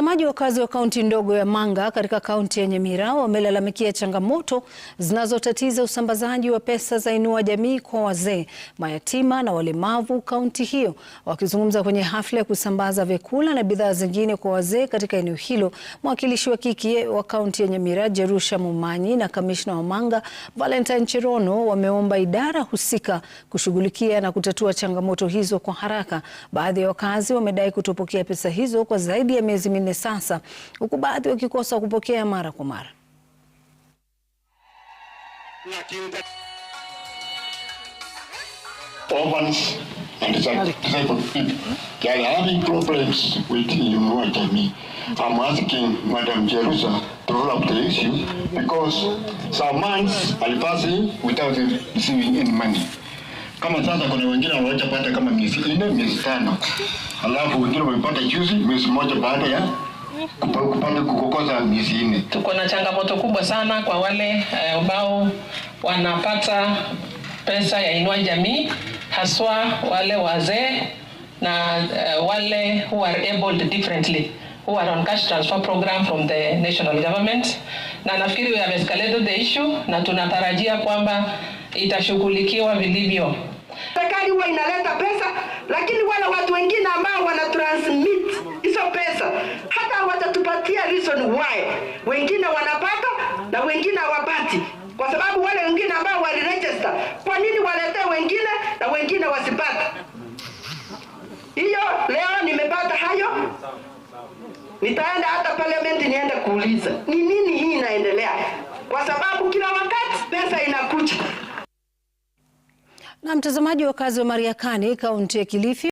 Watazamaji wakazi wa kaunti ndogo ya Manga katika kaunti ya Nyamira wamelalamikia changamoto zinazotatiza usambazaji wa pesa za Inua Jamii kwa wazee, mayatima na walemavu kaunti hiyo. Wakizungumza kwenye hafla ya kusambaza vyakula na bidhaa zingine kwa wazee katika eneo hilo, mwakilishi wa kike wa kaunti ya Nyamira Jerusha Mumanyi na kamishna wa Manga Valentine Cherono wameomba idara husika kushughulikia na kutatua changamoto hizo kwa haraka. Baadhi ya wakazi wamedai kutopokea pesa hizo kwa zaidi ya miezi minne nyingine sasa, huku baadhi wakikosa kupokea mara kwa mara. Kama sasa kuna wengine hawajapata kama miezi nne, miezi tano, alafu wengine wamepata juzi, miezi moja baada ya kupata kukokoza miezi nne. Tuko na changamoto kubwa sana kwa wale eh, ambao uh, wanapata pesa ya Inua Jamii, haswa wale wazee na uh, wale who are abled differently who are on cash transfer program from the national government, na nafikiri we have escalated the issue na tunatarajia kwamba itashughulikiwa vilivyo. Serikali huwa inaleta pesa, lakini wale watu wengine ambao wana transmit hizo pesa hata watatupatia reason why. Wengine wanapata na wengine hawapati, kwa sababu wale wengine ambao waliregister, kwa nini waletee wengine na wengine wasipata? Hiyo leo nimepata hayo, nitaenda hata parliament niende kuuliza ni nini hii inaendelea, kwa sababu kila wakati pesa inakuja. Na mtazamaji, wakazi wa Mariakani kaunti ya Kilifi